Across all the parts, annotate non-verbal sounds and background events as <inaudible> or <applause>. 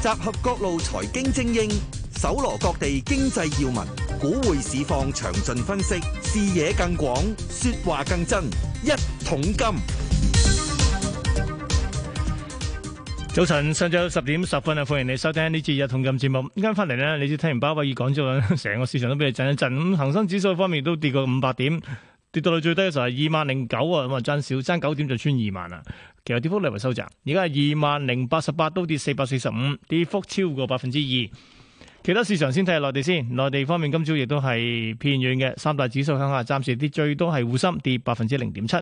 集合各路財經精英，搜羅各地經濟要聞，股匯市況詳盡分析，視野更廣，說話更真。一桶金。早晨，上晝十點十分啊，歡迎你收聽呢次一桶金節目。啱啱翻嚟咧，你知聽完鮑威爾講之後咧，成個市場都俾你震一震。咁恒生指數方面都跌過五百點，跌到去最低嘅時候係二萬零九啊，話爭少爭九點就穿二萬啦。其實跌幅略為收窄，而家係二萬零八十八都跌四百四十五，跌幅超過百分之二。其他市場先睇下內地先，內地方面今朝亦都係偏軟嘅，三大指數向下，暫時跌最多係滬深跌百分之零點七。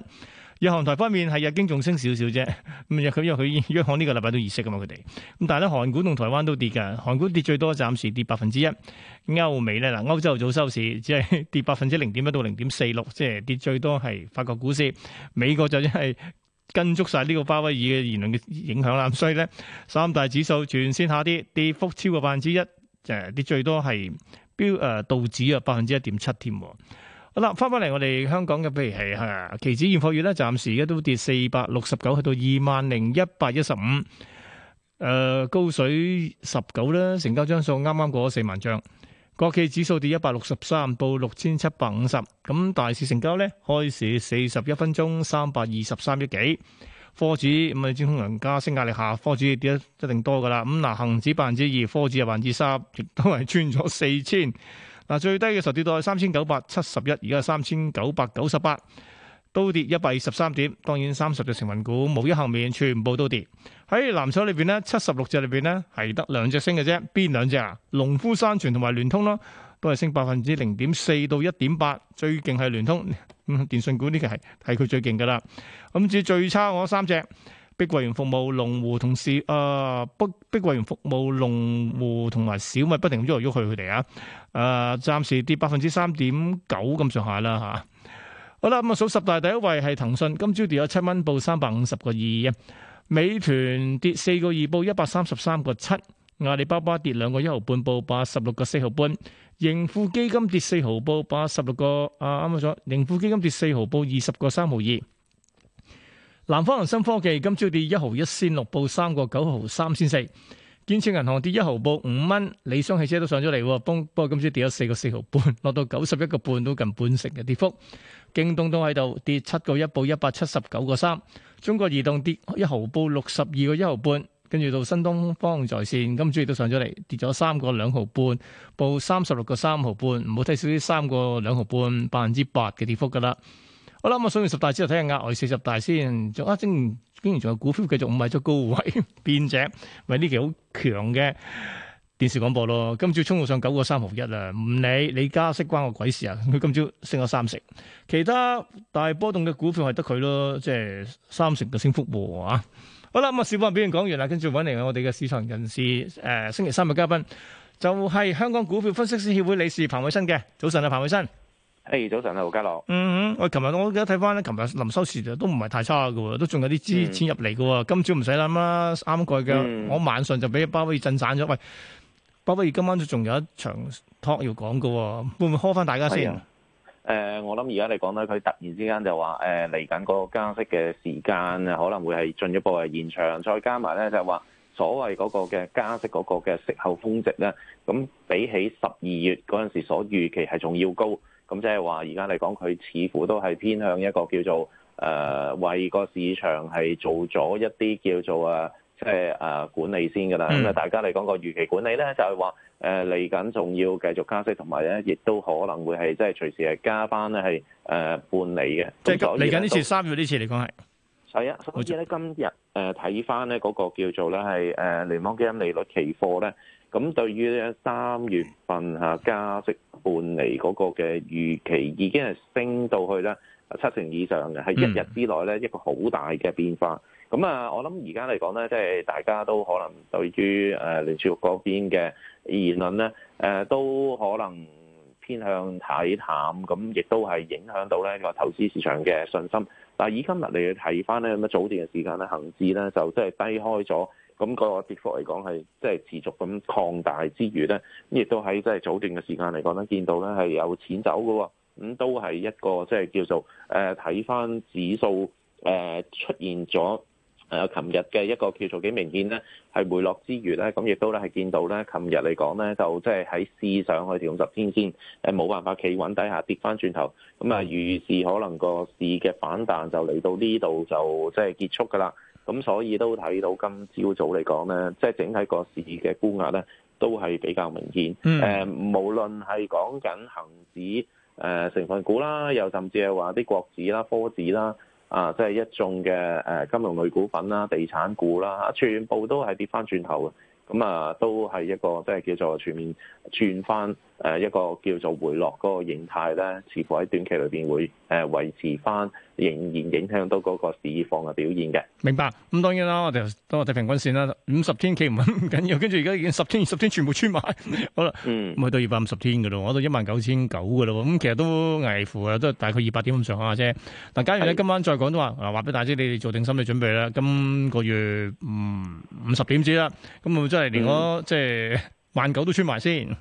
日韓台方面係日經仲升少少啫，咁日佢因為佢央行呢個禮拜都議息噶嘛佢哋，咁但係咧韓股同台灣都跌嘅，韓股跌最多暫時跌百分之一。歐美咧嗱，歐洲早收市只係跌百分之零點一到零點四六，即係跌最多係法國股市，美國就真係。跟足晒呢個巴威爾嘅言論嘅影響啦，咁所以咧三大指數全線下跌，跌幅超過百分之一，誒、呃、啲最多係標誒道指啊、呃，百分之一點七添。好啦，翻返嚟我哋香港嘅，譬如係期指現貨月咧，暫時而家都跌四百六十九，去到二萬零一百一十五，誒高水十九啦，成交張數啱啱過咗四萬張。國企指數跌一百六十三，報六千七百五十。咁大市成交咧，開市四十一分鐘三百二十三億幾。科指咁啊，中空糧加、升壓力下，科指跌得一定多噶啦。咁嗱，恒指百分之二，科指啊百分之三，亦都係穿咗四千。嗱，最低嘅時候跌到係三千九百七十一，而家係三千九百九十八，都跌一百二十三點。當然，三十隻成分股冇一幸免，全部都跌。喺藍籌裏邊咧，七十六隻裏邊咧係得兩隻升嘅啫，邊兩隻啊？農夫山泉同埋聯通咯，都係升百分之零點四到一點八，最勁係聯通，電信股呢個係係佢最勁噶啦。咁至最差嗰三隻，碧桂園服務、龍湖同是，誒，碧碧桂園服務、龍湖同埋小米不停喐嚟喐去佢哋啊，誒，暫時跌百分之三點九咁上下啦吓。好啦，咁啊數十大第一位係騰訊，今朝跌咗七蚊，報三百五十個二啊。美團跌四個二，報一百三十三個七；阿里巴巴跌兩個一毫半，報八十六個四毫半；盈富基金跌四毫，報八十六個啊啱啱，盈富基金跌四毫，報二十個三毫二。南方恒生科技今朝跌一毫一仙六，報三個九毫三仙四；建設銀行跌一毫，報五蚊。理想汽車都上咗嚟，喎，不過今朝跌咗四個四毫半，落到九十一個半，都近半成嘅跌幅。京東都喺度跌七個一，報一百七十九個三。中國移動跌一毫，報六十二個一毫半。跟住到新東方在線今朝亦都上咗嚟，跌咗三個兩毫半，報三十六個三毫半。唔好睇少啲三個兩毫半，百分之八嘅跌幅噶啦。好啦，數完十大之後睇下額外四十大先。啊，竟然竟然仲有股票繼續賣咗高位變值，咪呢期好強嘅。電視廣播咯，今朝衝到上九個三毫一啦，唔理你加息關我鬼事啊！佢今朝升咗三成，其他大波動嘅股票係得佢咯，即係三成嘅升幅喎啊！好啦，咁啊，小王嘅表現講完啦，跟住揾嚟我哋嘅市場人士誒、呃，星期三嘅嘉賓就係、是、香港股票分析師協會理事彭偉新嘅。早晨啊，彭偉新。誒、hey,，早晨啊，盧家樂。嗯哼，喂我琴日我記得睇翻咧，琴日臨收市就都唔係太差嘅，都仲有啲資金入嚟嘅。嗯、今朝唔使諗啦，啱過去嘅，嗯、我晚上就俾包可震散咗。喂！不過，而今晚都仲有一場 talk 要講嘅，會唔會呵翻大家先？誒、呃，我諗而家嚟講咧，佢突然之間就話誒嚟緊個加息嘅時間啊，可能會係進一步嘅延長，再加埋咧就話、是、所謂嗰個嘅加息嗰個嘅息後峰值咧，咁比起十二月嗰陣時所預期係仲要高，咁即係話而家嚟講，佢似乎都係偏向一個叫做誒、呃、為個市場係做咗一啲叫做啊。即係啊管理先㗎啦，咁、嗯、啊大家嚟講個預期管理咧，就係話誒嚟緊仲要繼續加息，同埋咧亦都可能會係即係隨時係加班咧係誒半釐嘅。即係嚟緊呢次到三月呢次嚟講係係啊，所以咧錯今日誒睇返咧嗰個叫做咧係誒聯邦基金利率期貨咧，咁對於咧三月份嚇加息半釐嗰個嘅預期已經係升到去咧七成以上嘅，係一日之內咧一個好大嘅變化。嗯咁啊、嗯，我諗而家嚟講咧，即係大家都可能對於誒聯儲局嗰邊嘅言論咧，誒、呃、都可能偏向睇淡，咁亦都係影響到咧個投資市場嘅信心。但係以今日嚟睇翻咧，咁早段嘅時間咧，恆指咧就即係低開咗，咁、那個跌幅嚟講係即係持續咁擴大之餘咧，亦都喺即係早段嘅時間嚟講咧，見到咧係有錢走嘅喎、哦，咁、嗯、都係一個即係、就是、叫做誒睇翻指數誒、呃、出現咗。誒，琴日嘅一個叫做幾明顯咧，係回落之餘咧，咁亦都咧係見到咧，琴日嚟講咧，就即係喺市上去跳十天線，誒冇辦法企穩底下跌翻轉頭，咁啊，預示可能個市嘅反彈就嚟到呢度就即係結束㗎啦。咁所以都睇到今朝早嚟講咧，即係整體個市嘅沽壓咧，都係比較明顯。誒、嗯，無論係講緊恒指、誒成分股啦，又甚至係話啲國指啦、科指啦。啊，即、就、係、是、一眾嘅誒金融類股份啦、啊、地產股啦、啊，全部都係跌翻轉頭嘅，咁啊都係一個即係、就是、叫做全面轉翻。誒、呃、一個叫做回落嗰個形態咧，似乎喺短期裏邊會誒維持翻，仍然影響到嗰個市況嘅表現嘅。明白。咁當然啦，我哋當我睇平均線啦，五十天企唔緊要，跟住而家已經十天二十天全部穿埋，好啦，去、嗯、到二百五十天嘅咯，我到一萬九千九嘅咯，咁其實都危乎啊，都大概二百點咁上下啫。嗱，假如你今晚再講都話，嗱是，話俾大家你哋做定心理準備啦，今個月五五十點至啦，咁啊、嗰個，真係連我即係萬九都穿埋先。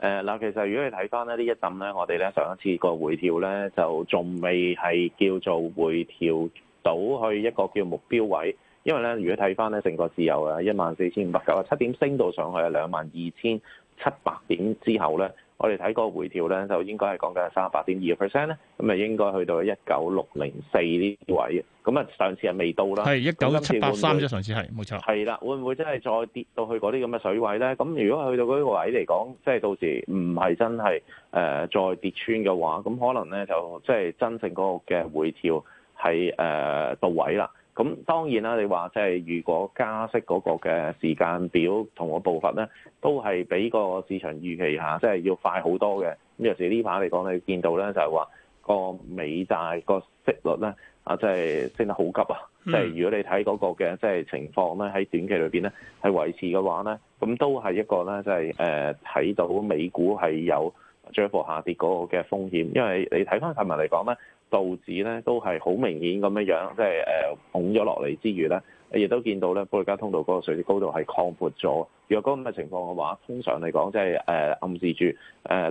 誒嗱，其實如果你睇翻咧呢一陣咧，我哋咧上一次個回調咧就仲未係叫做回調到去一個叫目標位，因為咧如果睇翻咧成個自由啊一萬四千五百九十七點升到上去啊兩萬二千七百點之後咧。我哋睇個回調咧，就應該係講緊三十八點二 percent 咧，咁啊應該去到一九六零四呢啲位，咁啊上次係未到啦，係一九七八三啫，上次係冇錯。係啦，會唔會真係再跌到去嗰啲咁嘅水位咧？咁如果去到嗰啲位嚟講，即係到時唔係真係誒、呃、再跌穿嘅話，咁可能咧就即係真正嗰個嘅回調係誒到位啦。咁當然啦，你話即係如果加息嗰個嘅時間表同個步伐咧，都係比個市場預期下，即係要快好多嘅。咁有時呢排嚟講，你見到咧就係話個美債個息率咧啊，即係升得好急啊！即係如果你睇嗰個嘅即係情況咧，喺短期裏邊咧係維持嘅話咧，咁都係一個咧、就是，即係誒睇到美股係有進一步下跌嗰個嘅風險，因為你睇翻新聞嚟講咧。道指咧都係好明顯咁樣樣，即係誒拱咗落嚟之餘咧，亦都見到咧波利加通道嗰個水位高度係擴闊咗。若果咁嘅情況嘅話，通常嚟講即係誒暗示住誒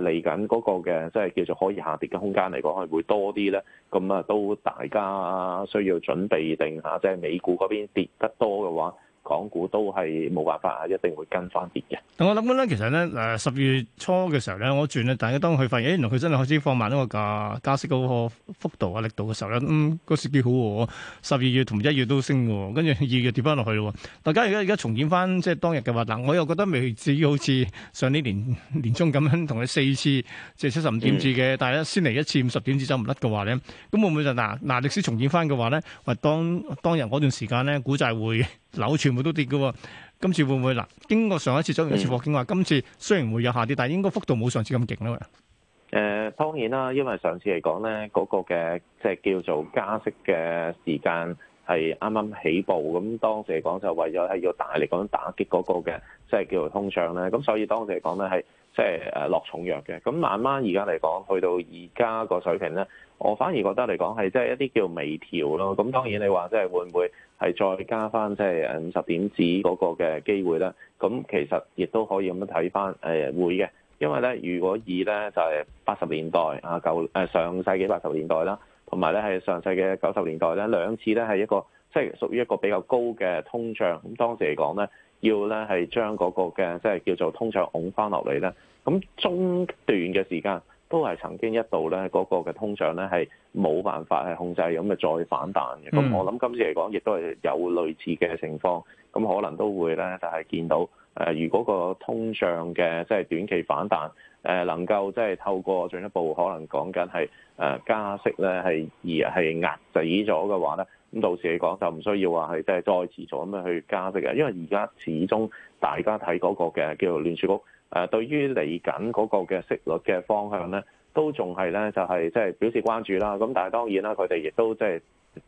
嚟緊嗰個嘅即係叫做可以下跌嘅空間嚟講係會多啲咧。咁啊，都大家需要準備定下，即係美股嗰邊跌得多嘅話。港股都係冇辦法啊，一定會跟翻跌嘅。咁我諗緊咧，其實咧誒十月初嘅時候咧，我轉咧，大家當佢發現，誒、欸、原來佢真係開始放慢嗰個價、加息嗰個幅度啊、力度嘅時候咧，嗯，嗰時幾好喎、啊。十二月同一月都升嘅、啊，跟住二月跌翻落去咯、啊。大家而家而家重演翻即係當日嘅話，嗱，我又覺得未至於好似上年年年中咁樣同佢四次即係七十五點子嘅，嗯、但係咧先嚟一次五十點子走唔甩嘅話咧，咁會唔會就嗱嗱歷史重演翻嘅話咧？或當當日嗰段時間咧，股債會扭轉？冇都跌嘅，今次會唔會嗱？經過上一次、上一次貨經話，今次雖然會有下跌，但係應該幅度冇上次咁勁咯。誒，當然啦，因為上次嚟講咧，嗰、嗰個嘅即係叫做加息嘅時間係啱啱起步，咁當時嚟講就為咗係要大力咁樣打擊嗰個嘅即係叫做通脹咧，咁所以當時嚟講咧係即係誒落重藥嘅，咁慢慢而家嚟講去到而家個水平咧。我反而覺得嚟講係即係一啲叫微調咯，咁當然你話即係會唔會係再加翻即係五十點子嗰個嘅機會咧？咁其實亦都可以咁樣睇翻誒會嘅，因為咧如果以咧就係八十年代啊舊誒上世紀八十年代啦，同埋咧係上世紀九十年代咧兩次咧係一個即係屬於一個比較高嘅通脹，咁當時嚟講咧要咧係將嗰個嘅即係叫做通脹拱翻落嚟咧，咁中段嘅時間。都係曾經一度咧，嗰、那個嘅通脹咧係冇辦法係控制咁嘅再反彈嘅。咁、嗯、我諗今次嚟講，亦都係有類似嘅情況，咁可能都會咧，就係見到誒、呃。如果個通脹嘅即係短期反彈，誒、呃、能夠即係透過進一步可能講緊係誒加息咧，係而係壓制咗嘅話咧，咁到時嚟講就唔需要話係即係再持續咁樣去加息嘅，因為而家始終大家睇嗰個嘅叫做聯儲局。誒對於嚟緊嗰個嘅息率嘅方向咧，都仲係咧，就係即係表示關注啦。咁但係當然啦，佢哋亦都即係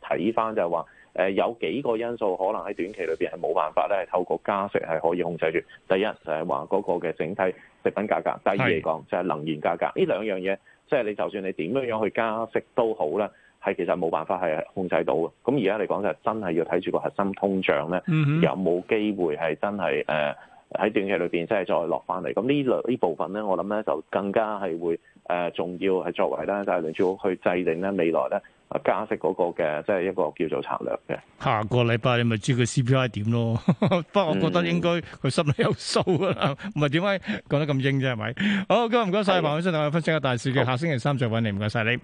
睇返就係話，誒有幾個因素可能喺短期裏邊係冇辦法咧，係透過加息係可以控制住。第一就係話嗰個嘅整體食品價格，第二嚟講就係能源價格。呢兩是樣嘢，即係你就算你點樣樣去加息都好啦，係其實冇辦法係控制到嘅。咁而家嚟講就係真係要睇住個核心通脹咧，嗯、哼有冇機會係真係誒？呃喺短期裏邊真係再落翻嚟，咁呢呢部分咧，我諗咧就更加係會誒、呃、重要係作為咧，就係聯儲局去制定咧未來咧。啊！加息嗰個嘅，即係一個叫做策略嘅。下個禮拜你咪知佢 CPI 點咯。 <laughs> 不過我覺得應該佢心裏有數噶啦，唔係點解講得咁英啫？係咪好？今日唔該晒，黃先的生同我哋分析下大市嘅。好下星期三再揾你，唔該晒你。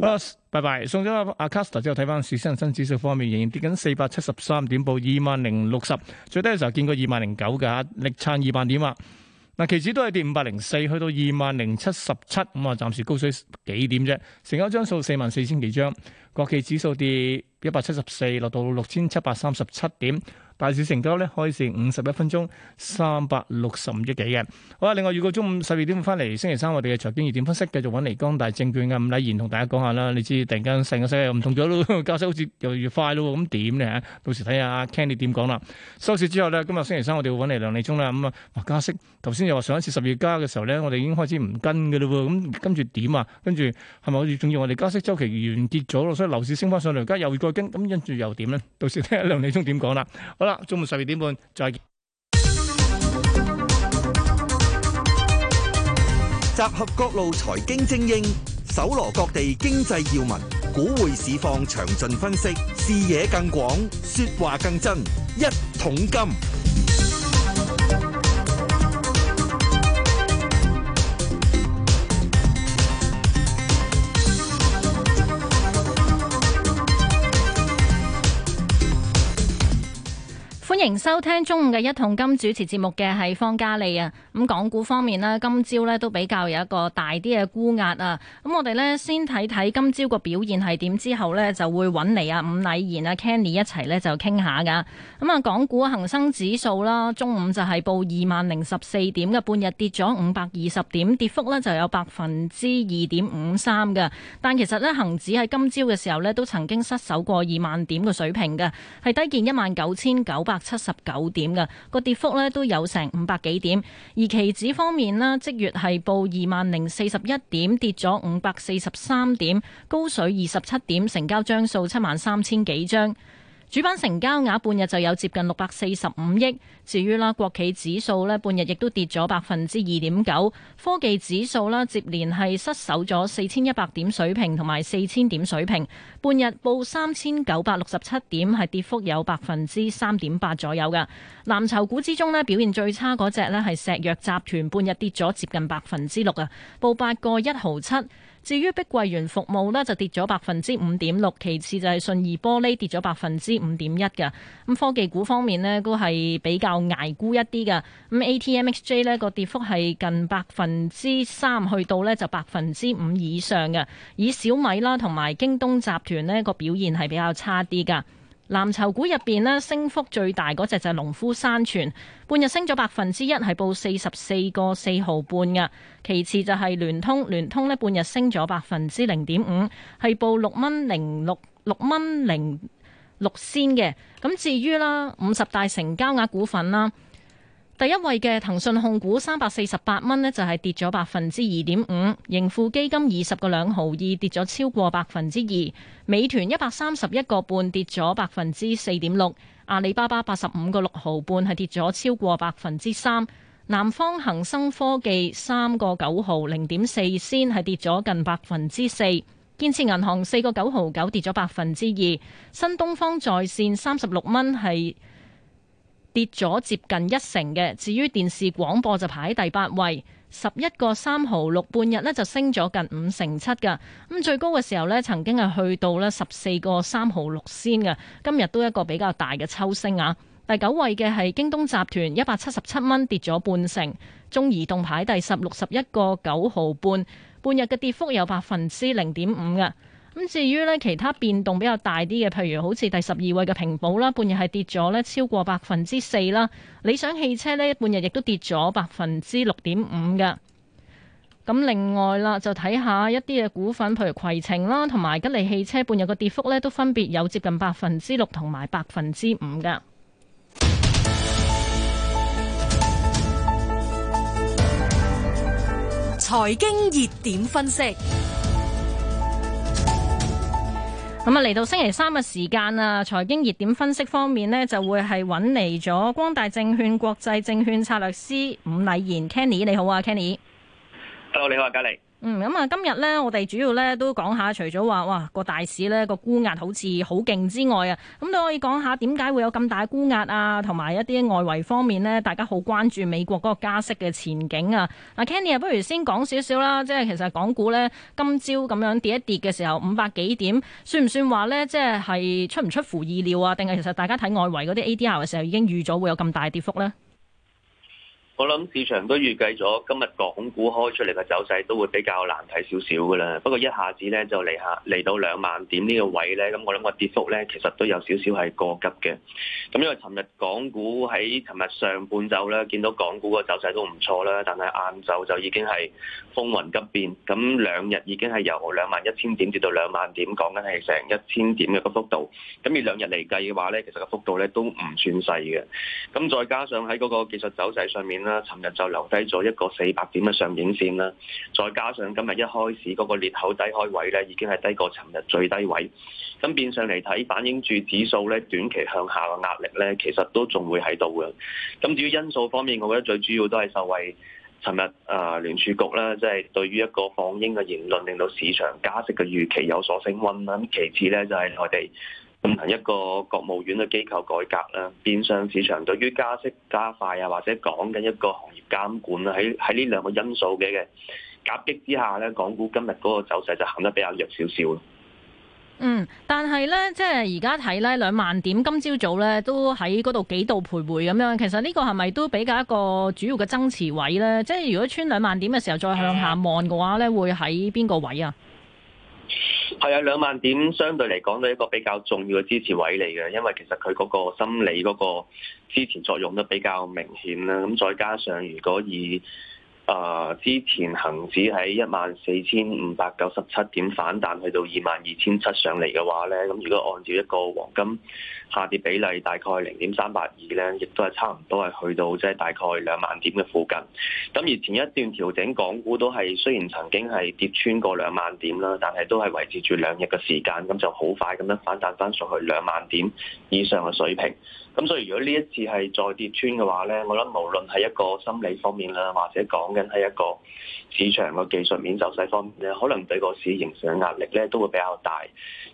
的好，拜拜。送咗阿阿 Castor 之後，睇翻市、市，恒生指數方面仍然跌緊四百七十三點，報二萬零六十，最低嘅時候見過二萬零九嘅吓，力撐二萬點啊！嗱，期指都係跌五百零四，去到二萬零七十七，咁啊，暫時高水幾點啫？成交張數四萬四千幾張，國企指數跌一百七十四，落到六千七百三十七點。大市成交咧，開市五十一分鐘三百六十五億幾嘅。好啦，另外預告中午十二點翻嚟，星期三我哋嘅財經熱點分析繼續揾嚟光大證券嘅伍禮賢同大家講下啦。你知突然間成個世界又唔同咗咯，加息好似又越快咯，咁點咧嚇？到時睇下阿 Ken 點講啦。收市之後咧，今日星期三我哋會揾嚟梁利忠啦。咁啊，加息頭先又話上一次十二月加嘅時候咧，我哋已經開始唔跟嘅咯喎，咁跟住點啊？跟住係咪好似仲要我哋加息週期完結咗咯？所以樓市升翻上嚟，而家又再跟，咁跟住又點咧？到時睇下梁利忠點講啦。好啦，中午十二點半再見。集合各路財經精英，搜羅各地經濟要聞，股匯市況詳盡分析，視野更廣，説話更真，一桶金。歡迎收聽中午嘅一桶金主持節目嘅係方嘉莉啊，咁港股方面咧，今朝呢都比較有一個大啲嘅沽壓啊，咁我哋呢先睇睇今朝個表現係點之後呢，就會揾嚟啊伍禮賢啊 Kenny 一齊呢就傾下噶，咁啊港股恒生指數啦，中午就係報二萬零十四點嘅，半日跌咗五百二十點，跌幅呢就有百分之二點五三嘅，但其實呢，恒指喺今朝嘅時候呢，都曾經失守過二萬點嘅水平嘅，係低見一萬九千九百。七十九點嘅，個跌幅咧都有成五百幾點，而期指方面呢即月係報二萬零四十一點，跌咗五百四十三點，高水二十七點，成交張數七萬三千幾張。主板成交額半日就有接近六百四十五億。至於啦，國企指數呢半日亦都跌咗百分之二點九。科技指數呢接連係失守咗四千一百點水平同埋四千點水平，半日報三千九百六十七點，係跌幅有百分之三點八左右㗎。藍籌股之中呢，表現最差嗰隻呢係石藥集團，半日跌咗接近百分之六啊，報八個一毫七。至於碧桂園服務呢就跌咗百分之五點六，其次就係信義玻璃跌咗百分之五點一嘅。咁科技股方面呢都係比較捱沽一啲嘅。咁 ATMXJ 呢個跌幅係近百分之三，去到呢就百分之五以上嘅。以小米啦同埋京東集團呢個表現係比較差啲㗎。藍籌股入邊呢，升幅最大嗰隻就係農夫山泉，半日升咗百分之一，係報四十四個四毫半嘅。其次就係聯通，聯通呢半日升咗百分之零點五，係報六蚊零六六蚊零六仙嘅。咁至於啦，五十大成交額股份啦。第一位嘅騰訊控股三百四十八蚊呢，就係跌咗百分之二點五，盈富基金二十個兩毫二跌咗超過百分之二，美團一百三十一個半跌咗百分之四點六，阿里巴巴八十五個六毫半係跌咗超過百分之三，南方恒生科技三個九毫零點四先係跌咗近百分之四，建設銀行四個九毫九跌咗百分之二，新東方在綫三十六蚊係，跌咗接近一成嘅，至於電視廣播就排喺第八位，十一個三毫六，半日呢就升咗近五成七㗎。咁最高嘅時候呢曾經係去到呢十四個三毫六先㗎。今日都一個比較大嘅抽升啊！第九位嘅係京東集團一百七十七蚊跌咗半成，中移動排第十六十一個九毫半，半日嘅跌幅有百分之零點五㗎。咁至於咧，其他變動比較大啲嘅，譬如好似第十二位嘅平保啦，半日係跌咗咧超過百分之四啦。理想汽車呢，半日亦都跌咗百分之六點五㗎。咁另外啦，就睇下一啲嘅股份，譬如攜程啦，同埋吉利汽車，半日嘅跌幅咧，都分別有接近百分之六同埋百分之五㗎。財經熱點分析。咁啊，嚟到星期三嘅時間啊，財經熱點分析方面呢，就會係揾嚟咗光大證券國際證券策略師伍禮賢。Kenny，你好啊，Kenny，Hello，你好啊，嘉莉。Hello, 嗯，咁啊，今日呢，我哋主要咧都講下，除咗話哇個大市咧個沽壓好似好勁之外啊，咁都可以講下點解會有咁大沽壓啊，同埋一啲外圍方面呢，大家好關注美國嗰個加息嘅前景啊。阿 Kenny 啊，不如先講少少啦，即係其實港股呢，今朝咁樣跌一跌嘅時候，五百幾點算唔算話呢？即係係出唔出乎意料啊？定係其實大家睇外圍嗰啲 ADR 嘅時候已經預咗會有咁大跌幅呢？我諗市場都預計咗今日港股開出嚟嘅走勢都會比較難睇少少嘅啦。不過一下子咧就嚟下嚟到兩萬點呢個位咧，咁我諗個跌幅咧其實都有少少係過急嘅。咁因為尋日港股喺尋日上半晝咧見到港股個走勢都唔錯啦，但係晏晝就已經係風雲急變。咁兩日已經係由兩萬一千點跌到兩萬點，講緊係成一千點嘅個幅度。咁以兩日嚟計嘅話咧，其實個幅度咧都唔算細嘅。咁再加上喺嗰個技術走勢上面，啦，尋日就留低咗一個四百點嘅上影線啦，再加上今日一開始嗰個裂口低開位咧，已經係低過尋日最低位，咁變相嚟睇，反映住指數咧短期向下嘅壓力咧，其實都仲會喺度嘅。咁至於因素方面，我覺得最主要都係受惠尋日啊聯儲局啦，即係對於一個放鷹嘅言論，令到市場加息嘅預期有所升溫啦。其次咧就係我哋。進行一個國務院嘅機構改革啦，變相市場對於加息加快啊，或者講緊一個行業監管啦，喺喺呢兩個因素嘅嘅夾擊之下咧，港股今日嗰個走勢就行得比較弱少少咯。嗯，但係呢，即係而家睇咧兩萬點，今朝早，早呢都喺嗰度幾度徘徊咁樣。其實呢個係咪都比較一個主要嘅增持位呢？即係如果穿兩萬點嘅時候再向下望嘅話呢會喺邊個位啊？係啊，兩萬點相對嚟講都一個比較重要嘅支持位嚟嘅，因為其實佢嗰個心理嗰個支持作用都比較明顯啦。咁再加上如果以啊、呃！之前恒指喺一萬四千五百九十七點反彈去到二萬二千七上嚟嘅話呢，咁如果按照一個黃金下跌比例，大概零點三八二呢，亦都係差唔多係去到即係大概兩萬點嘅附近。咁而前一段調整，港股都係雖然曾經係跌穿過兩萬點啦，但係都係維持住兩日嘅時間，咁就好快咁樣反彈翻上去兩萬點以上嘅水平。咁所以如果呢一次係再跌穿嘅話咧，我諗無論係一個心理方面啦，或者講緊係一個市場嘅技術面走勢方面咧，可能對個市形成嘅壓力咧都會比較大。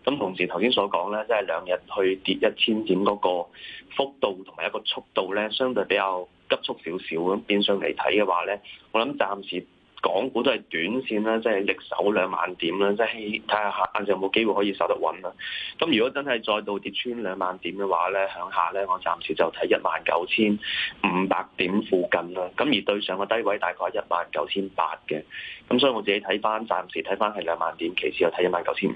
咁同時頭先所講咧，即係兩日去跌一千點嗰個幅度同埋一個速度咧，相對比較急速少少，咁變相嚟睇嘅話咧，我諗暫時。港股都係短線啦，即係力守兩萬點啦，即係睇下下晏晝有冇機會可以守得穩啦。咁如果真係再度跌穿兩萬點嘅話呢，向下呢，我暫時就睇一萬九千五百點附近啦。咁而對上個低位大概一萬九千八嘅，咁所以我自己睇翻，暫時睇翻係兩萬點，其次又睇一萬九千五。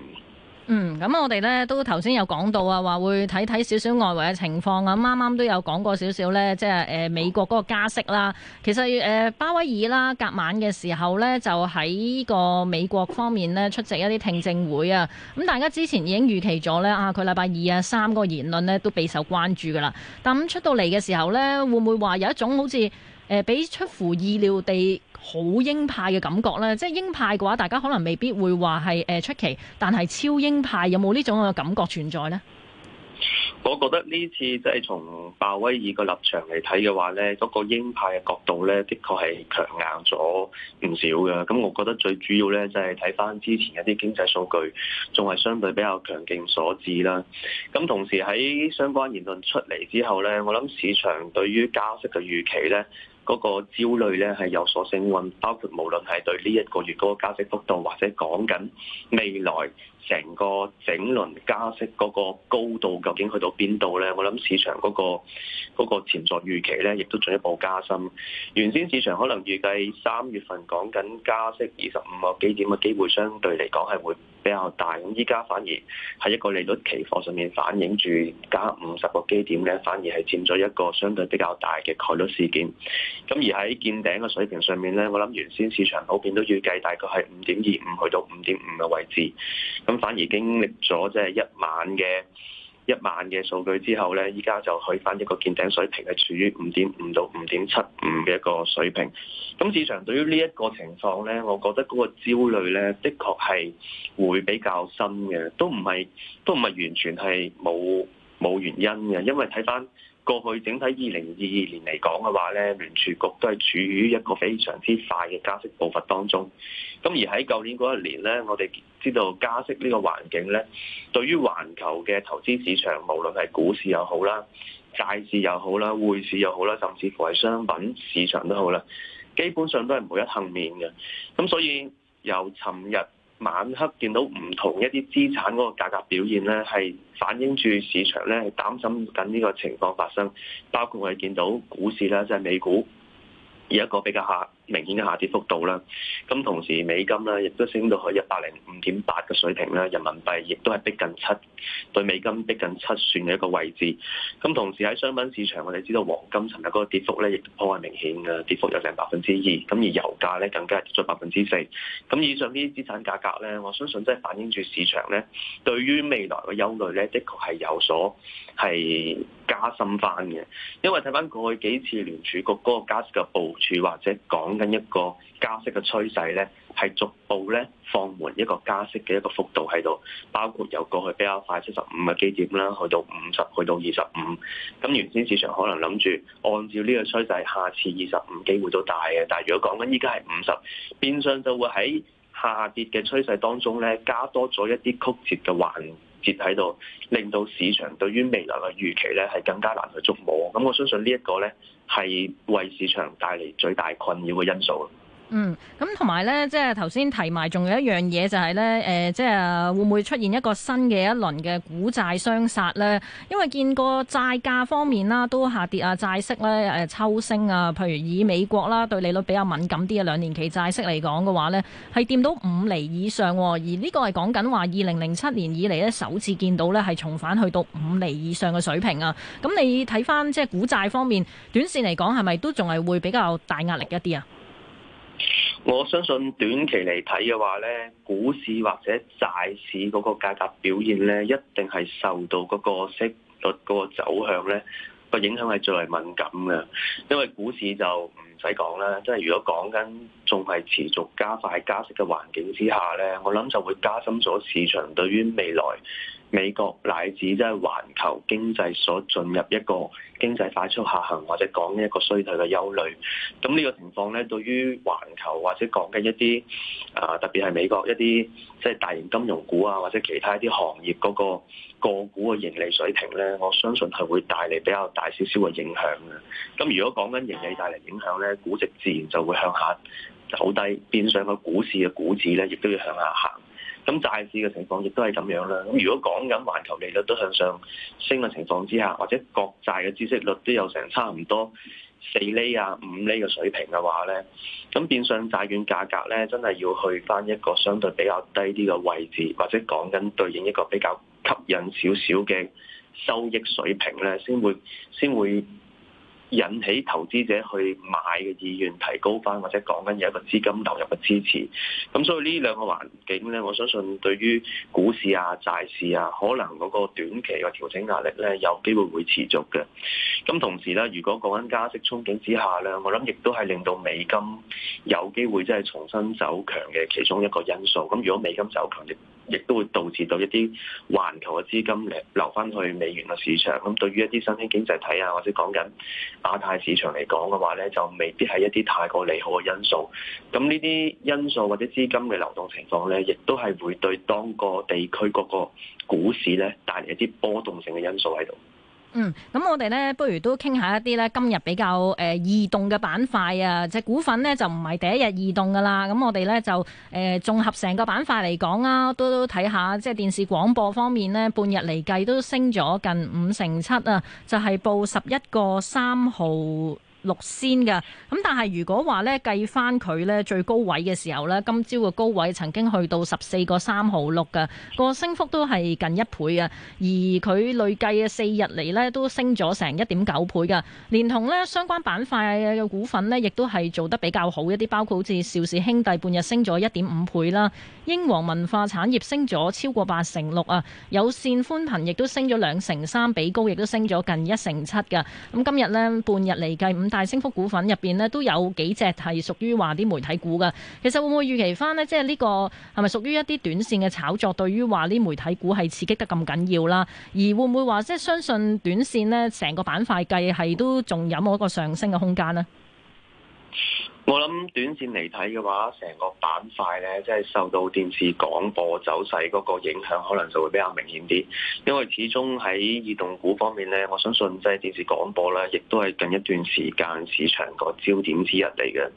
嗯，咁我哋咧都頭先有講到啊，話會睇睇少少外圍嘅情況啊，啱啱都有講過少少呢，即係誒美國嗰個加息啦。其實誒鮑、呃、威爾啦，隔晚嘅時候呢，就喺個美國方面呢出席一啲聽證會啊。咁、嗯、大家之前已經預期咗呢，啊，佢禮拜二啊三嗰個言論呢都備受關注噶啦。但咁出到嚟嘅時候呢，會唔會話有一種好似誒俾出乎意料地？好鷹派嘅感覺咧，即係鷹派嘅話，大家可能未必會話係誒出奇，但係超鷹派有冇呢種嘅感覺存在呢？我覺得呢次即係從鮑威爾個立場嚟睇嘅話呢，嗰個鷹派嘅角度呢，的確係強硬咗唔少嘅。咁我覺得最主要呢，就係睇翻之前一啲經濟數據仲係相對比較強勁所致啦。咁同時喺相關言論出嚟之後呢，我諗市場對於加息嘅預期呢，嗰個焦慮咧係有所升溫，包括無論係對呢一個月嗰個加息幅度，或者講緊未來。成個整輪加息嗰個高度究竟去到邊度呢？我諗市場嗰個嗰個潛在預期呢，亦都進一步加深。原先市場可能預計三月份講緊加息二十五個基點嘅機會，相對嚟講係會比較大。咁依家反而喺一個利率期貨上面反映住加五十個基點呢，反而係佔咗一個相對比較大嘅概率事件。咁而喺見頂嘅水平上面呢，我諗原先市場普遍都預計大概係五點二五去到五點五嘅位置。反而經歷咗即係一晚嘅一晚嘅數據之後呢，依家就去翻一個見頂水平係處於五點五到五點七五嘅一個水平。咁市場對於呢一個情況呢，我覺得嗰個焦慮呢，的確係會比較深嘅，都唔係都唔係完全係冇冇原因嘅，因為睇翻。過去整體二零二二年嚟講嘅話咧，聯儲局都係處於一個非常之快嘅加息步伐當中。咁而喺舊年嗰一年咧，我哋知道加息呢個環境咧，對於環球嘅投資市場，無論係股市又好啦、債市又好啦、匯市又好啦，甚至乎係商品市場都好啦，基本上都係無一幸免嘅。咁所以由尋日。晚黑見到唔同一啲資產嗰個價格表現咧，係反映住市場咧係擔心緊呢個情況發生，包括我哋見到股市啦，即係美股有一個比較下。明顯嘅下跌幅度啦，咁同時美金咧亦都升到去一百零五點八嘅水平啦，人民幣亦都係逼近七對美金逼近七算嘅一個位置，咁同時喺商品市場，我哋知道黃金尋日嗰個跌幅咧亦都頗為明顯嘅，跌幅有成百分之二，咁而油價咧更加係跌咗百分之四，咁以上啲資產價格咧，我相信真係反映住市場咧對於未來嘅憂慮咧，的確係有所係加深翻嘅，因為睇翻過去幾次聯儲局嗰個加息嘅部署或者講。緊一個加息嘅趨勢咧，係逐步咧放緩一個加息嘅一個幅度喺度，包括由過去比較快七十五嘅基點啦，去到五十，去到二十五。咁原先市場可能諗住按照呢個趨勢，下次二十五機會都大嘅。但係如果講緊依家係五十，變相就會喺下跌嘅趨勢當中咧，加多咗一啲曲折嘅環。跌喺度，令到市場對於未來嘅預期咧係更加難去捉摸。咁我相信呢一個咧係為市場帶嚟最大困擾嘅因素。嗯，咁同埋咧，即係頭先提埋，仲有一樣嘢就係咧，誒、呃，即係會唔會出現一個新嘅一輪嘅股債雙殺呢？因為見過債價方面啦，都下跌啊，債息咧誒抽升啊。譬如以美國啦，對利率比較敏感啲嘅兩年期債息嚟講嘅話呢係掂到五厘以上，啊，而呢個係講緊話二零零七年以嚟呢，首次見到呢係重返去到五厘以上嘅水平啊。咁，嗯、你睇翻，即係股債方面，短綫嚟講係咪都仲係會比較大壓力一啲啊？我相信短期嚟睇嘅話呢，股市或者債市嗰個價格表現呢，一定係受到嗰個息率嗰個走向呢個影響，係最為敏感嘅。因為股市就唔使講啦，即係如果講緊仲係持續加快加息嘅環境之下呢，我諗就會加深咗市場對於未來。美國乃至即係環球經濟所進入一個經濟快速下行或者講一個衰退嘅憂慮，咁呢個情況咧，對於環球或者講緊一啲啊、呃、特別係美國一啲即係大型金融股啊或者其他一啲行業嗰個個股嘅盈利水平咧，我相信係會帶嚟比較大少少嘅影響嘅。咁如果講緊盈利帶嚟影響咧，估值自然就會向下走低，變相個股市嘅股指咧，亦都要向下行。咁債市嘅情況亦都係咁樣啦。咁如果講緊環球利率都向上升嘅情況之下，或者國債嘅孳息率都有成差唔多四厘啊五厘嘅水平嘅話咧，咁變相債券價格咧真係要去返一個相對比較低啲嘅位置，或者講緊對應一個比較吸引少少嘅收益水平咧，先會先會引起投資者去買嘅意願提高翻，或者講緊有一個資金投入嘅支持。咁所以兩個環境咧，我相信對於股市啊、債市啊，可能嗰個短期嘅調整壓力咧，有機會會持續嘅。咁同時咧，如果講緊加息憧憬之下咧，我諗亦都係令到美金有機會即係重新走強嘅其中一個因素。咁如果美金走強，亦都會導致到一啲環球嘅資金流翻去美元嘅市場，咁對於一啲新興經濟體啊，或者講緊亞太市場嚟講嘅話咧，就未必係一啲太過利好嘅因素。咁呢啲因素或者資金嘅流動情況咧，亦都係會對當個地區嗰個股市咧帶嚟一啲波動性嘅因素喺度。嗯，咁我哋呢，不如都傾下一啲呢。今日比較誒異動嘅板塊啊，即係股份呢，就唔係第一日異動噶啦。咁我哋呢，就誒綜合成個板塊嚟講啊，都睇下即係電視廣播方面呢，半日嚟計都升咗近五成七啊，就係報十一個三號六仙㗎，咁但係如果話呢計翻佢呢最高位嘅時候呢，今朝嘅高位曾經去到十四個三毫六㗎，個升幅都係近一倍啊！而佢累計嘅四日嚟呢，都升咗成一點九倍㗎，連同呢相關板塊嘅股份呢，亦都係做得比較好一啲，包括好似邵氏兄弟半日升咗一點五倍啦，英皇文化產業升咗超過八成六啊，有線寬頻亦都升咗兩成三，比高亦都升咗近一成七㗎。咁今日呢，半日嚟計五大升幅股份入邊咧都有幾隻係屬於話啲媒體股噶，其實會唔會預期翻呢？即係呢個係咪屬於一啲短線嘅炒作？對於話啲媒體股係刺激得咁緊要啦，而會唔會話即係相信短線呢成個板塊計係都仲有冇一個上升嘅空間呢？我諗短線嚟睇嘅話，成個板塊咧，即係受到電視廣播走勢嗰個影響，可能就會比較明顯啲。因為始終喺異動股方面咧，我相信即係電視廣播咧，亦都係近一段時間市場個焦點之一嚟嘅。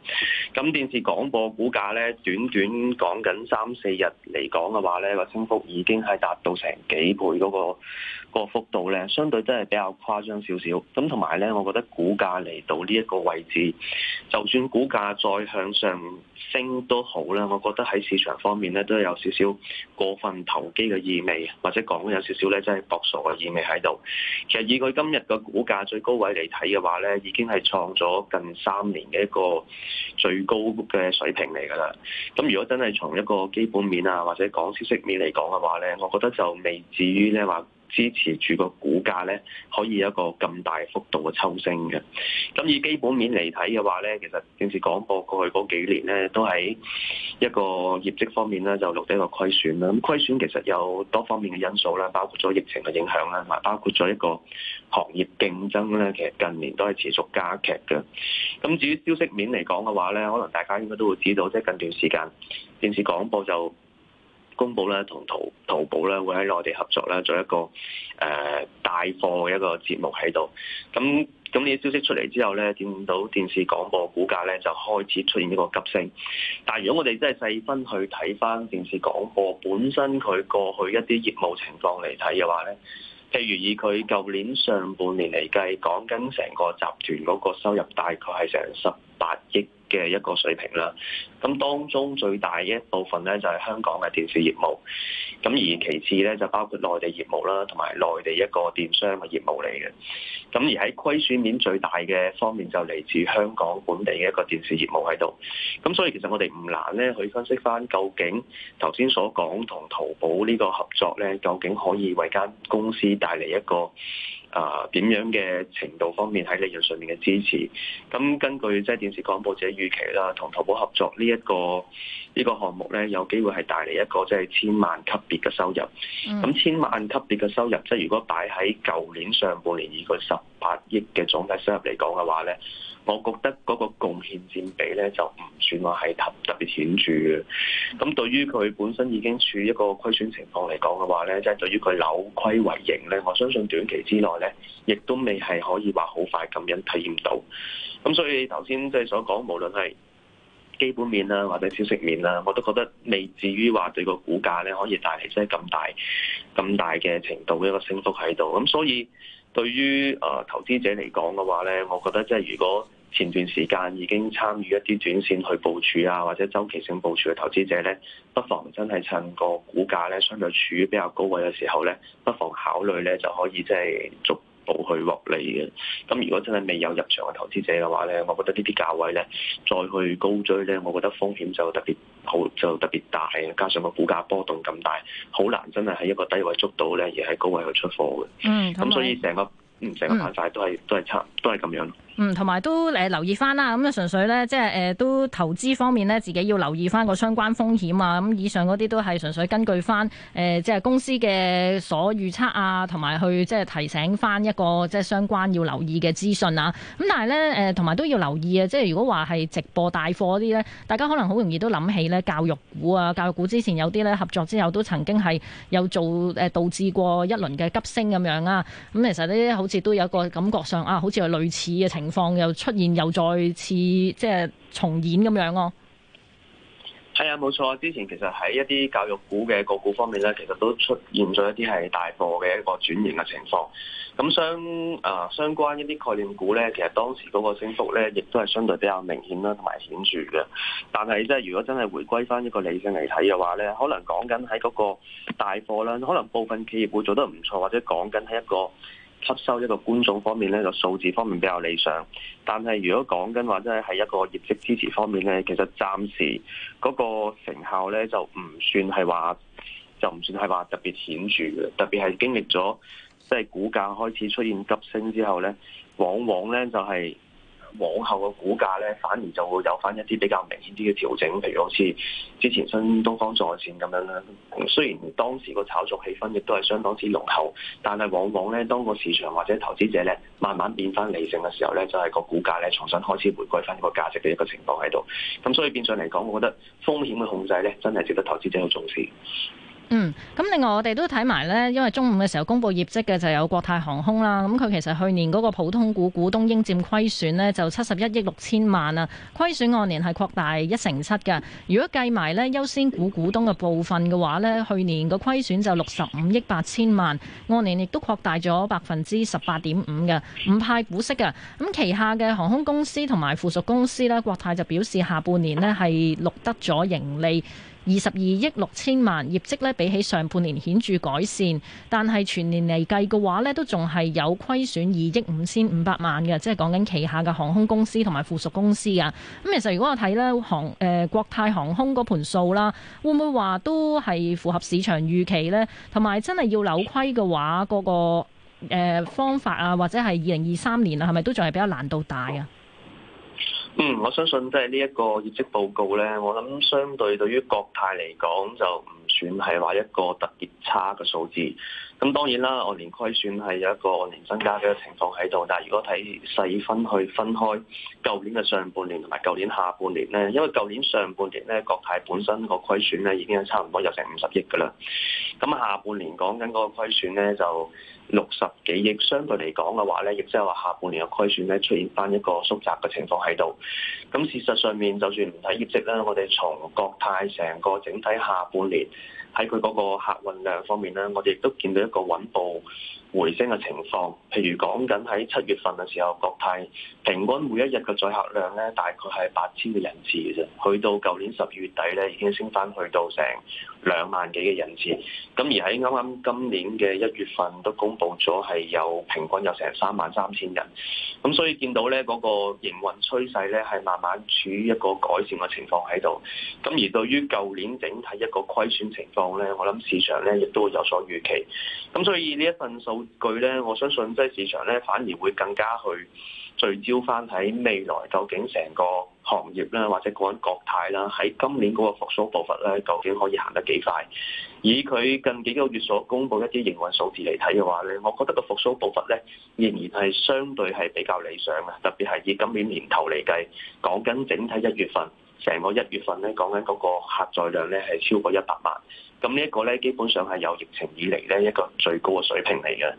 咁電視廣播股價咧，短短講緊三四日嚟講嘅話咧，個升幅已經係達到成幾倍嗰個。個幅度咧，相對都係比較誇張少少。咁同埋咧，我覺得股價嚟到呢一個位置，就算股價再向上升都好啦。我覺得喺市場方面咧都有少少過分投機嘅意味，或者講有少少咧真係博傻嘅意味喺度。其實以佢今日個股價最高位嚟睇嘅話咧，已經係創咗近三年嘅一個最高嘅水平嚟㗎啦。咁如果真係從一個基本面啊，或者講消息面嚟講嘅話咧，我覺得就未至於咧話，支持住個股價咧，可以有一個咁大幅度嘅抽升嘅。咁以基本面嚟睇嘅話咧，其實電視廣播過去嗰幾年咧，都喺一個業績方面咧，就錄低一個虧損啦。咁虧損其實有多方面嘅因素啦，包括咗疫情嘅影響啦，同埋包括咗一個行業競爭咧，其實近年都係持續加劇嘅。咁至於消息面嚟講嘅話咧，可能大家應該都會知道，即係近段時間電視廣播就。公布咧，同淘淘寶咧會喺內地合作咧，做一個誒帶貨嘅一個節目喺度，咁咁呢啲消息出嚟之後咧，見到電視廣播股價咧就開始出現一個急升。但係如果我哋真係細分去睇翻電視廣播本身，佢過去一啲業務情況嚟睇嘅話咧，譬如以佢舊年上半年嚟計，講緊成個集團嗰個收入大概係成十八億。嘅一個水平啦，咁當中最大嘅一部分咧就係香港嘅電視業務，咁而其次咧就包括內地業務啦，同埋內地一個電商嘅業務嚟嘅，咁而喺虧損面最大嘅方面就嚟自香港本地嘅一個電視業務喺度，咁所以其實我哋唔難咧去分析翻，究竟頭先所講同淘寶呢個合作咧，究竟可以為間公司帶嚟一個啊，點樣嘅程度方面喺利潤上面嘅支持？咁根據即係電視廣播者預期啦，同淘寶合作呢一個呢個項目咧，有機會係帶嚟一個即係千萬級別嘅收入。咁千萬級別嘅收入，即係如果擺喺舊年上半年以個十八億嘅總體收入嚟講嘅話咧，我覺得嗰個貢獻佔比咧就唔算話係特特別顯著嘅。咁對於佢本身已經處於一個虧損情況嚟講嘅話咧，即係對於佢扭虧為盈咧，我相信短期之內。亦都未係可以話好快咁樣體驗到，咁所以頭先即係所講，無論係基本面啦，或者消息面啦，我都覺得未至於話對個股價咧可以帶嚟即係咁大、咁大嘅程度嘅一個升幅喺度。咁所以對於誒、呃、投資者嚟講嘅話咧，我覺得即係如果.前段時間已經參與一啲短線去部署啊，或者周期性部署嘅投資者咧，不妨真係趁個股價咧相對處於比較高位嘅時候咧，不妨考慮咧就可以即係逐步去獲利嘅。咁如果真係未有入場嘅投資者嘅話咧，我覺得價呢啲價位咧再去高追咧，我覺得風險就特別好，就特別大，加上個股價波動咁大，好難真係喺一個低位捉到咧，而喺高位去出貨嘅。嗯，咁所以成個嗯成個板塊都係都係差，都係咁樣。嗯，同埋都誒、呃、留意翻啦，咁、嗯、啊純粹咧，即係誒都投資方面呢，自己要留意翻個相關風險啊。咁、嗯、以上嗰啲都係純粹根據翻誒、呃，即係公司嘅所預測啊，同埋去即係提醒翻一個即係相關要留意嘅資訊啊。咁但係呢，誒、呃，同埋都要留意啊。即係如果話係直播帶貨嗰啲呢，大家可能好容易都諗起呢教育股啊，教育股之前有啲呢合作之後都曾經係有做誒、呃、導致過一輪嘅急升咁樣啊。咁、嗯、其實呢好似都有個感覺上啊，好似係類似嘅情況。況又出現又再次即係重演咁樣咯，係啊，冇錯。之前其實喺一啲教育股嘅個股方面咧，其實都出現咗一啲係大貨嘅一個轉型嘅情況。咁相啊相關一啲概念股咧，其實當時嗰個升幅咧，亦都係相對比較明顯啦，同埋顯著嘅。但係即係如果真係回歸翻一個理性嚟睇嘅話咧，可能講緊喺嗰個大貨啦，可能部分企業會做得唔錯，或者講緊係一個。吸收一個觀眾方面咧，個數字方面比較理想，但係如果講緊話真係係一個業績支持方面咧，其實暫時嗰個成效咧就唔算係話就唔算係話特別顯著嘅，特別係經歷咗即係股價開始出現急升之後咧，往往咧就係、是。往後嘅股價咧，反而就會有翻一啲比較明顯啲嘅調整，譬如好似之前新東方在線咁樣啦、嗯。雖然當時個炒作氣氛亦都係相當之濃厚，但係往往咧，當個市場或者投資者咧慢慢變翻理性嘅時候咧，就係、是、個股價咧重新開始回歸翻個價值嘅一個情況喺度。咁、嗯、所以變相嚟講，我覺得風險嘅控制咧，真係值得投資者去重視。嗯，咁另外我哋都睇埋呢，因為中午嘅時候公布業績嘅就有國泰航空啦。咁佢其實去年嗰個普通股股東應佔虧損呢，就七十一億六千萬啊，虧損按年係擴大一成七㗎。如果計埋呢優先股股東嘅部分嘅話呢，去年個虧損就六十五億八千萬，按年亦都擴大咗百分之十八點五嘅，唔派股息嘅。咁、嗯、旗下嘅航空公司同埋附屬公司呢，國泰就表示下半年呢係錄得咗盈利，二十二億六千萬業績咧，比起上半年顯著改善，但係全年嚟計嘅話呢都仲係有虧損二億五千五百萬嘅，即係講緊旗下嘅航空公司同埋附屬公司啊。咁其實如果我睇呢航誒、呃、國泰航空嗰盤數啦，會唔會話都係符合市場預期呢？同埋真係要扭虧嘅話，嗰、個、誒、方法啊，或者係二零二三年啊，係咪都仲係比較難度大啊？嗯，我相信即係呢一個業績報告呢，我諗相對對於國泰嚟講就唔算係話一個特別差嘅數字。咁當然啦，按年虧損係有一個按年增加嘅情況喺度，但係如果睇細分去分開，舊年嘅上半年同埋舊年下半年呢，因為舊年上半年呢，國泰本身個虧損呢已經差唔多有成五十億㗎啦。咁下半年講緊嗰個虧損咧就～六十幾億，相對嚟講嘅話咧，亦即係話下半年嘅虧損咧，出現翻一個縮窄嘅情況喺度。咁事實上面，就算唔睇業績咧，我哋從國泰成個整體下半年喺佢嗰個客運量方面咧，我哋亦都見到一個穩步回升嘅情況，譬如講緊喺七月份嘅時候，國泰平均每一日嘅載客量咧，大概係八千個人次嘅啫，去到舊年十二月底咧，已經升翻去到成兩萬幾嘅人次，咁而喺啱啱今年嘅一月份都公布咗係有平均有成三萬三千人，咁所以見到咧，嗰個營運趨勢咧係慢慢處於一個改善嘅情況喺度，咁而對於舊年整體一個虧損情況咧，我諗市場咧亦都會有所預期，咁所以呢一份數。據咧，我相信即係市場咧，反而會更加去聚焦翻喺未來究竟成個行業啦，或者講緊國泰啦，喺今年嗰個復甦步伐咧，究竟可以行得幾快？以佢近幾個月所公布一啲營運數字嚟睇嘅話咧，我覺得個復甦步伐咧，仍然係相對係比較理想嘅，特別係以今年年頭嚟計，講緊整體一月份，成個一月份咧，講緊嗰個客載量咧，係超過一百萬。咁呢一個咧，基本上係由疫情以嚟咧一個最高嘅水平嚟嘅。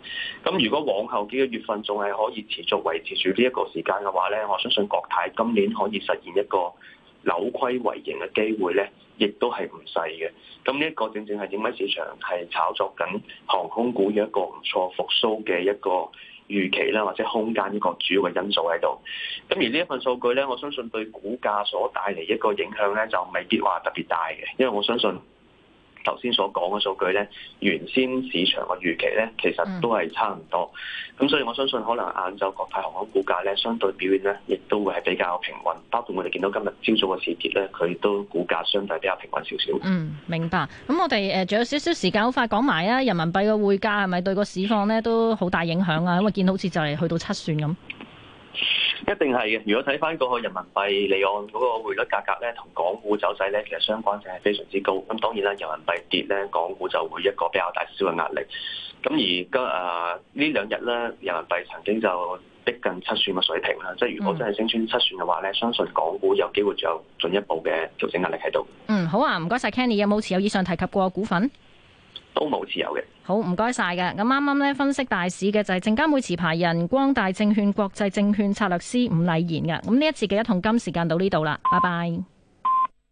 咁如果往後幾個月份仲係可以持續維持住呢一個時間嘅話咧，我相信國泰今年可以實現一個扭虧為盈嘅機會咧，亦都係唔細嘅。咁呢一個正正係點解市場係炒作緊航空股嘅一個唔錯復甦嘅一個預期啦，或者空間呢個主要嘅因素喺度。咁而呢一份數據咧，我相信對股價所帶嚟一個影響咧，就未必話特別大嘅，因為我相信，頭先所講嘅數據呢，原先市場嘅預期呢，其實都係差唔多。咁、嗯、所以我相信可能晏晝國泰航空股價呢，相對表現呢，亦都會係比較平穩。包括我哋見到今日朝早嘅市跌呢，佢都股價相對比較平穩少少。嗯，明白。咁我哋誒仲有少少時間，好快講埋啊！人民幣嘅匯價係咪對個市況呢都好大影響啊？因為見到好似就係去到七算咁。一定係嘅。如果睇翻嗰個人民幣離岸嗰個匯率價格咧，同港股走勢咧，其實相關性係非常之高。咁當然啦，人民幣跌咧，港股就會一個比較大消嘅壓力。咁而家啊，呢、呃、兩日咧，人民幣曾經就逼近七算嘅水平啦。即係如果真係升穿七算嘅話咧，相信港股有機會仲有進一步嘅調整壓力喺度。嗯，好啊，唔該晒。Kenny 有冇持有以上提及過股份？都冇自由嘅。好，唔該晒㗎。咁啱啱咧，分析大市嘅就係證監會持牌人光大證券國際證券策略師伍禮賢嘅。咁呢一次嘅一桶金時間到呢度啦，拜拜。